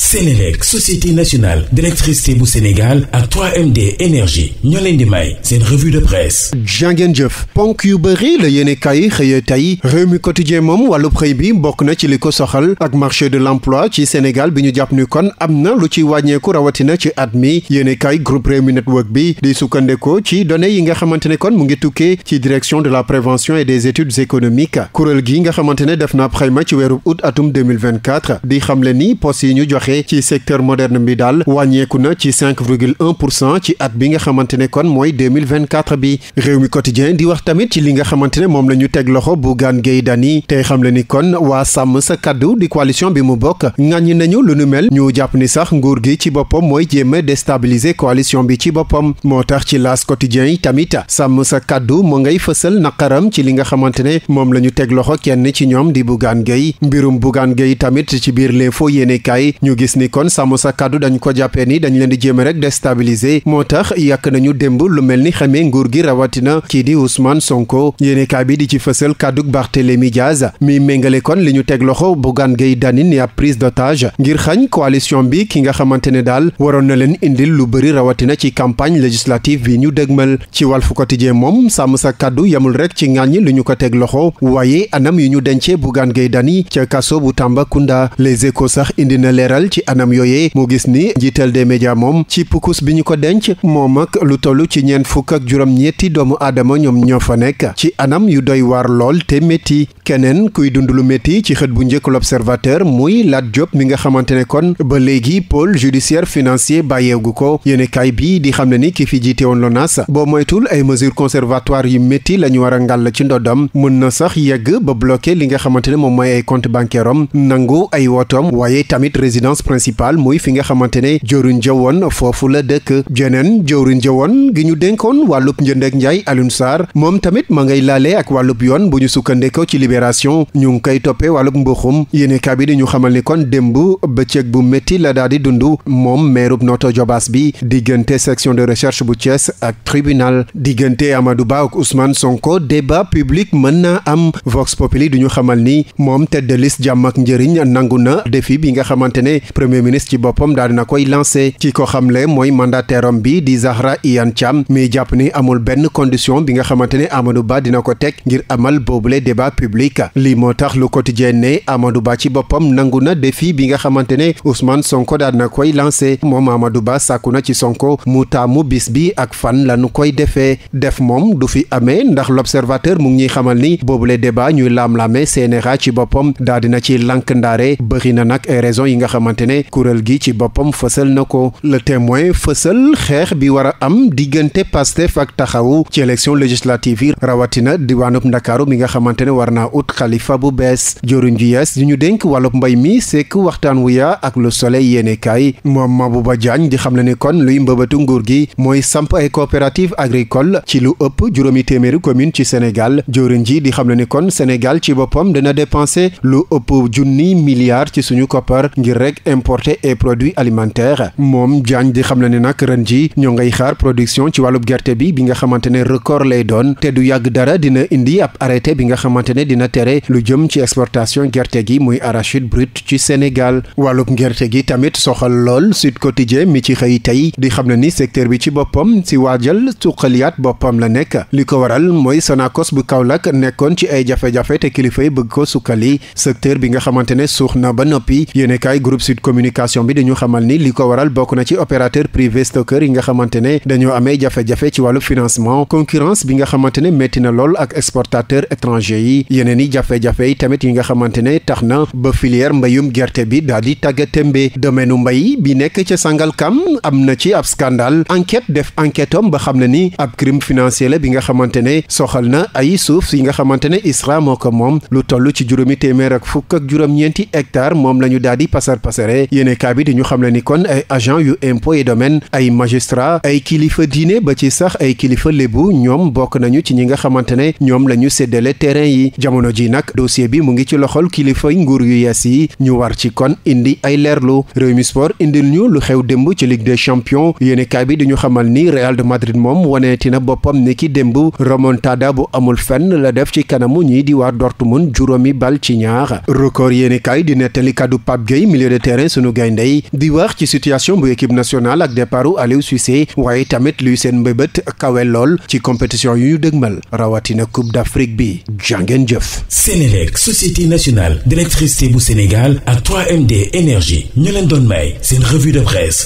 Sénélec société nationale d'électricité bu Sénégal ak 3MD énergie ñoo leen di may seen revue de presse ponk yu bëri la yéene kay xëye tey réew mi quotidien moom wàllu xëy bi bokk na ci li ko soxal ak marché de l'emploi ci Sénégal bi ñu jàpp ni kon am na lu ci wàññeeku rawatina ci at mi yéene kay groupe Rewmi Network bi di sukkandeko ci données yi nga xamante ne kon mu ngi tukkee ci direction de la prévention et des études économiques kuréel gi nga xamante ne def na xayma ci weeru août atum 2024 di xamle ni poste yi ñu joxe waxee ci secteur moderne bi daal wàññeeku na ci 5 virgule 1 pour cent ci at bi nga xamante ne kon mooy 2024 bi réew mi quotidien di wax tamit ci li nga xamante ne moom la ñu teg loxo Bougane Gueye Dany tey xam le ni kon waa sàmm sa kàddu di coalition bi mu bokk ŋàññi nañu lu nu mel ñu jàpp ni sax nguur gi ci boppam mooy jéem a déstabiliser coalition bi ci boppam moo tax ci laas quotidien yi tamit sàmm sa kaddu mu ngay fësal naqaram ci li nga xamante ne moom la ñu teg loxo kenn ci ñoom di Bougane Gueye mbirum Bougane Gueye tamit ci gis ni kon sàmm sa kàddu dañ ko jàppee ni dañ leen di jéem rek déstabiliser moo tax yàq nañu démb lu mel ni xamee nguur gi rawatina kii di Ousmane Sonko yéenekaay bi di ci fësal kàddug Barthélémy Diaz mi méngale kon li ñu teg loxo Bougane Gueye Dany ni ab prise d'otage ngir xañ coalition bi ki nga xamante ne daal waroon na leen indil lu bëri rawatina ci campagne législative bi ñu dëgmal ci Walf Quotidien moom sàmm sa kàddu yamul rek ci ŋàññi lu ñu ko teg loxo waaye anam yu ñu dencee Bougane Gueye Dany ca kaso bu Tambacounda les échos Sénégal ci anam yooyee moo gis ni njiital de médias moom ci pukus bi ñu ko denc moom ak lu toll ci ñeent fukk ak juróom-ñetti doomu aadama ñoom ñoo fa nekk ci anam yu doy waar lool te métti keneen kuy dund lu métti ci xët bu njëkk l'observateur muy Lat Diop mi nga xamante ne kon ba léegi pool judiciaire financier bàyyeegu ko yéenekaay bi di xam ne ni ki fi jiite woon LONASE boo moytul ay mesures conservatoires yu métti la ñu war a ngàll ci ndoddam mën na sax yegg ba bloqué li nga xamante ne moom mooy ay compte nangu ay résidence principale muy fi nga xamante ne jëwriñ jëwoon foofu la dëkk jeneen jëwriñ jëwoon gi ñu dénkoon wàllub njënd ak njaay Alioune Sarr moom tamit ma ngay laalee ak wàllub yoon bu ñu sukkandekoo ci libération ñu ngi koy toppee wàllub mbuxum yéene kaa bi di ñu xamal ni kon démb bëccëg bu métti la daal di dund moom meerub Notto Diobass bi diggante section de recherche bu Thiès ak tribunal diggante Amadou Ba ak Ousmane Sonko débat public mën naa am Vox Populi du xamal ni moom tête jàmm ak njëriñ nangu na défi bi nga xamante ne lancé premier ministre ci boppam daal na koy lancé ci ko xamle mooy mandataire am bi di Zahra Iyane Thiam mi jàpp ni amul benn condition bi nga xamante ne Amadou Ba dina ko teg ngir amal boobule débat public lii moo tax lu quotidien ne amadu Ba ci boppam nangu na défi bi nga xamante ne Ousmane Sonko daal dina koy lancé moom Amadou Ba sàkku na ci Sonko mu taamu bis bi ak fan la nu koy defee def moom du fi amee ndax l'observateur mu ngi ñuy xamal ni boobule débat ñuy laam-laamee CNRA ci boppam daal dina na nag raison yi xamante ne kuréel gi ci boppam fësal na ko le témoin fësal xeex bi war a am diggante Pastef ak taxawu ci élection législative yi rawatina diwaanub ndakaaru mi nga xamante ne war naa ut xalifa bu bees joriñ ju yees ñu ñu dénk wàllub mbay mi sekk waxtaan wu yaa ak le soleil yéene kaay bu ba Diagne di xam le ni kon luy mbëbatu nguur gi mooy samp ay coopérative agricole ci lu ëpp juróomi téeméeri commune ci Sénégal joriñ ji di xam le ni kon Sénégal ci boppam dana dépenser lu ëpp junni milliards ci suñu koppar produits et produits alimentaires moom Diagne di xam na ne nag ren ji ñoo ngay xaar production ci wàllub gerte bi bi nga xamante ne record lay doon te du yàgg dara dina indi ab arrêté bi nga xamante ne dina tere lu jëm ci exportation gerte gi muy arachide brut ci Sénégal wàllub gerte gi tamit soxal lool Sud Quotidien mi ci xëy tey di xam ne ni secteur bi ci boppam si waajal suqaliyaat boppam la nekk li ko waral mooy Sonacos bu kaw Kaolack nekkoon ci ay jafe kilifa bëgg ko sukkali secteur bi nga xamante ne suux na ba noppi yéene kaay groupe Sud Communication bi dañu xamal ni li ko waral bokk na ci opérateur privé stockeur yi nga xamante ne dañoo amee jafe-jafe ci wàllu financement concurrence bi nga xamante ne na lool ak exportateur étranger yi yeneen i jafe-jafe yi tamit yi nga xamante ne tax na ba filière mbayum gerte bi daal di tàgga témbe domaine u mbay bi nekk ca Sangalkam am na ci ab scandale enquête def enquête am ba xam ne ni ab crime financier la bi nga xamante ne soxal na ay suuf yi nga xamante ne ISRA moo lu toll ci juróomi téeméer ak fukk moom la Séré yéene kaa bi di ñu xam ni kon ay agent yu impôt et domaine ay magistrat ay kilifa diine ba ci sax ay kilifa lébu ñoom bokk nañu ci ñi nga xamante ne ñoom lañu ñu séddale terrain yi jamono ji nag dossier bi mu ngi ci loxol kilifay nguur yu yees yi ñu war ci kon indi ay leerlu Rewmi indi indil ñu lu xew démb ci Ligue des champions yéene bi di ñu xamal ni Real de Madrid moom waneeti na boppam ni ki démb remontada bu amul fenn la def ci kanamu ñii di waa Dortmund juróomi bal terrain sunu gaynde yi di wax ci situation bu équipe nationale ak départu Aliou Cissé waaye tamit luy seen mbébét kawe lool ci compétition yu ñu dëgmal rawatina coupe d'Afrique bi jàngeen jëf. Sénélec société nationale d'électricité bu Sénégal ak 3MD énergie ñu leen doon may seen revue de presse.